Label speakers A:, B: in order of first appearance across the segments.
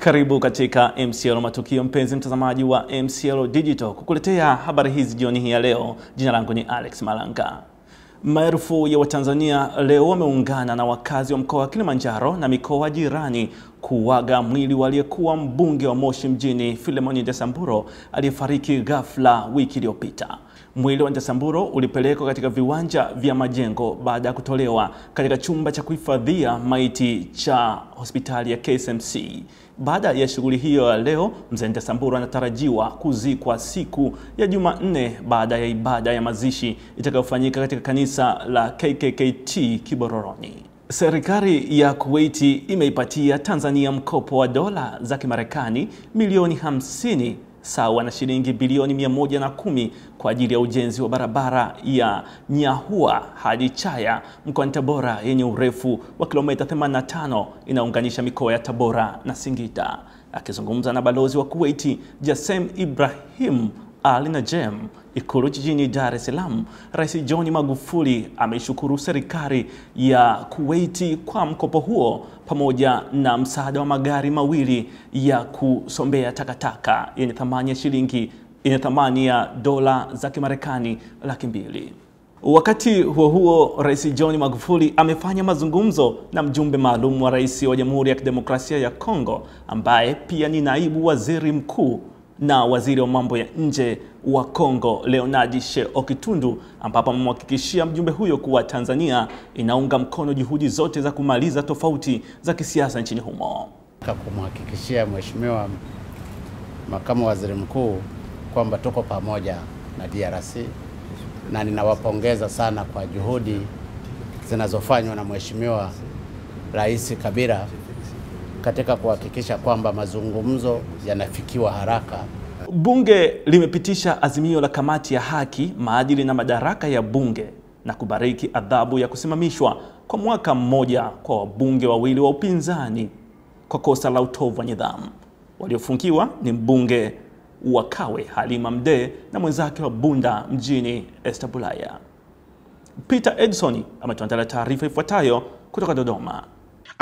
A: Karibu katika MCL Matukio, mpenzi mtazamaji wa MCL Digital, kukuletea habari hizi jioni hii ya leo. Jina langu ni Alex Malanga. Maelfu ya Watanzania leo wameungana na wakazi wa mkoa wa Kilimanjaro na mikoa jirani kuwaga mwili wa aliyekuwa mbunge wa Moshi mjini Filemoni Ndesamburo aliyefariki ghafla wiki iliyopita. Mwili wa Ntasamburo ulipelekwa katika viwanja vya Majengo baada ya kutolewa katika chumba cha kuhifadhia maiti cha hospitali ya ksmc Baada ya shughuli hiyo ya leo, mzee Ntasamburo anatarajiwa kuzikwa siku ya Jumanne baada ya ibada ya mazishi itakayofanyika katika kanisa la KKKT Kibororoni. Serikali ya Kuwaiti imeipatia Tanzania mkopo wa dola za Kimarekani milioni 50 sawa na shilingi bilioni 110 kwa ajili ya ujenzi wa barabara ya Nyahua hadi Chaya mkoani Tabora yenye urefu wa kilomita 85 inaunganisha mikoa ya Tabora na Singida. Akizungumza na balozi wa Kuwait Jasem Ibrahim Alina Jem Ikulu jijini Dar es Salaam, Rais John Magufuli ameishukuru serikali ya kuweiti kwa mkopo huo pamoja na msaada wa magari mawili ya kusombea takataka yenye thamani ya shilingi yenye thamani ya dola za Kimarekani laki mbili. Wakati huo huo, Rais John Magufuli amefanya mazungumzo na mjumbe maalum wa Rais wa Jamhuri ya Kidemokrasia ya Kongo ambaye pia ni naibu waziri mkuu na waziri wa mambo ya nje wa Kongo Leonard She Okitundu, ambapo amemhakikishia mjumbe huyo kuwa Tanzania inaunga mkono juhudi zote za kumaliza tofauti za kisiasa nchini humo.
B: Kumhakikishia mheshimiwa makamu waziri mkuu kwamba tuko pamoja na DRC na ninawapongeza sana kwa juhudi zinazofanywa na mheshimiwa Rais Kabila katika kuhakikisha kwamba mazungumzo yanafikiwa haraka.
A: Bunge limepitisha azimio la kamati ya haki, maadili na madaraka ya bunge na kubariki adhabu ya kusimamishwa kwa mwaka mmoja kwa wabunge wawili wa upinzani kwa kosa la utovu wa nidhamu. Waliofungiwa ni mbunge wa Kawe Halima Mdee na mwenzake wa Bunda mjini Esther Bulaya. Peter Edson ametuandalia taarifa ifuatayo kutoka Dodoma.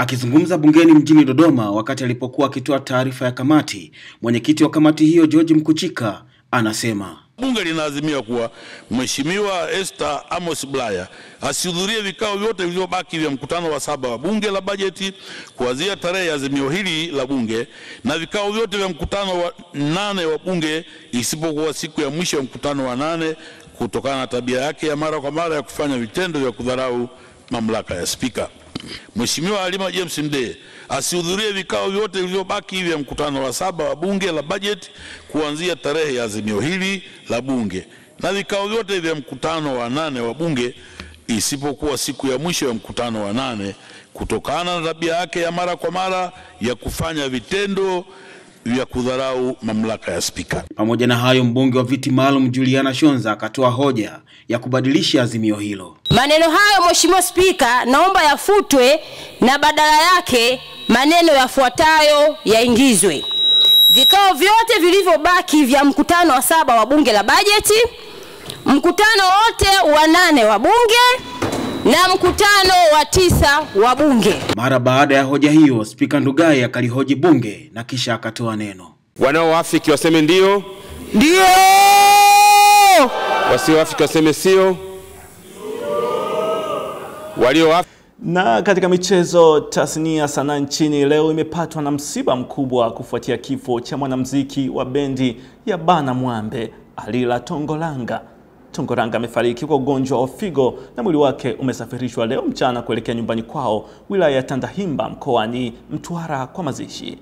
A: Akizungumza bungeni mjini Dodoma wakati alipokuwa akitoa taarifa ya kamati, mwenyekiti wa kamati hiyo George Mkuchika anasema
C: bunge linaazimia kuwa Mheshimiwa Esther Amos Bulaya asihudhurie vikao vyote vilivyobaki vya mkutano wa saba wa bunge la bajeti kuanzia tarehe ya azimio hili la bunge na vikao vyote vya mkutano wa nane wa bunge isipokuwa siku ya mwisho ya mkutano wa nane kutokana na tabia yake ya mara kwa mara ya kufanya vitendo vya kudharau mamlaka ya spika. Mheshimiwa Halima James Mdee asihudhurie vikao vyote vilivyobaki vya mkutano wa saba wa bunge la bajeti kuanzia tarehe ya azimio hili la bunge na vikao vyote vya mkutano wa nane wa bunge isipokuwa siku ya mwisho ya mkutano wa nane kutokana na tabia yake ya mara kwa mara ya kufanya vitendo ya kudharau mamlaka ya spika.
A: Pamoja na hayo, mbunge wa viti maalum Juliana Shonza akatoa hoja ya kubadilisha azimio hilo.
D: Maneno hayo, Mheshimiwa Spika, naomba yafutwe na badala yake maneno yafuatayo yaingizwe: vikao vyote vilivyobaki vya mkutano wa saba wa bunge la bajeti, mkutano wote wa nane wa bunge na mkutano wa tisa wa bunge.
A: Mara baada ya hoja hiyo, Spika Ndugai akalihoji bunge na kisha akatoa neno.
E: Wanaoafiki waseme ndio, ndio, wasioafiki waseme sio, walioafiki
A: na katika michezo, tasnia sanaa nchini leo imepatwa na msiba mkubwa kufuatia kifo cha mwanamuziki wa bendi ya Bana Mwambe Alila Tongolanga tongoranga amefariki kwa ugonjwa wa figo na mwili wake umesafirishwa leo mchana kuelekea nyumbani kwao wilaya ya Tandahimba mkoani Mtwara kwa mazishi.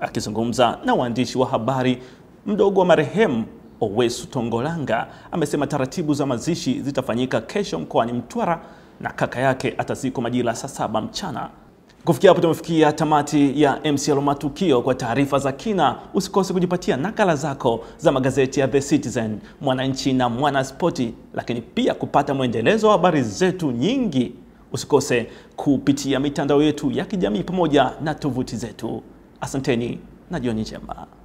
A: Akizungumza na waandishi wa habari, mdogo wa marehemu Owesu Tongolanga amesema taratibu za mazishi zitafanyika kesho mkoani Mtwara na kaka yake atazikwa majira saa saba mchana. Kufikia hapo tumefikia tamati ya MCL Matukio. Kwa taarifa za kina, usikose kujipatia nakala zako za magazeti ya The Citizen, Mwananchi na Mwanaspoti, lakini pia kupata mwendelezo wa habari zetu nyingi, usikose kupitia mitandao yetu ya kijamii pamoja na tovuti zetu. Asanteni na jioni njema.